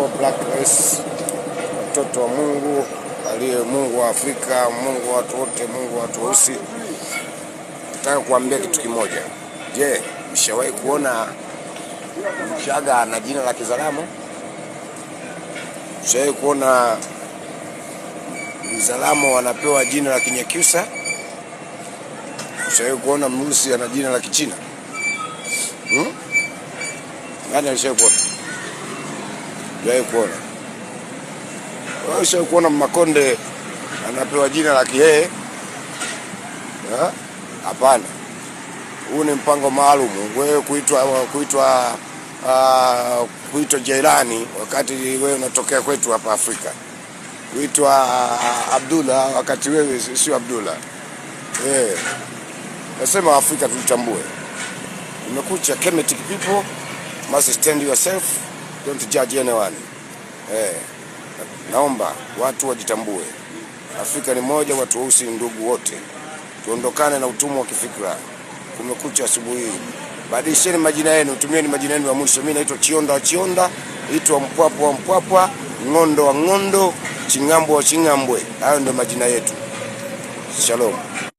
Michael Black Race, mtoto wa Mungu aliye Mungu wa Afrika, Mungu wa watu wote, Mungu wa watu weusi. Nataka kuambia kitu kimoja. Je, mshawahi kuona Mchaga ana jina la Kizaramo? Mshawahi kuona Mzaramo anapewa jina la Kinyakyusa? Mshawahi kuona Mrusi ana jina la Kichina? Hmm? Nani alishawahi kuona? Sijawahi kuona. Wewe kuona Makonde anapewa jina la Kihehe? Hapana, huu ni mpango maalum. Wewe kuitwa kuitwa uh, kuitwa Jailani wakati wewe unatokea kwetu hapa Afrika, kuitwa uh, Abdullah wakati wewe sio Abdullah. Eh, nasema Afrika tulitambue. Umekucha Kemetic people must stand yourself don't judge anyone. Eh, naomba watu wajitambue. Afrika ni moja, watu weusi ndugu wote. Tuondokane na utumwa wa kifikra. Kumekucha asubuhi badilisheni majina yenu, tumieni majina yenu ya mwisho. Mimi naitwa Chionda wa Chionda, itwa Mpwapwa wa Mpwapwa, Ng'ondo wa Ng'ondo, Ching'ambwe wa Ching'ambwe. Hayo ndio majina yetu. Shalom.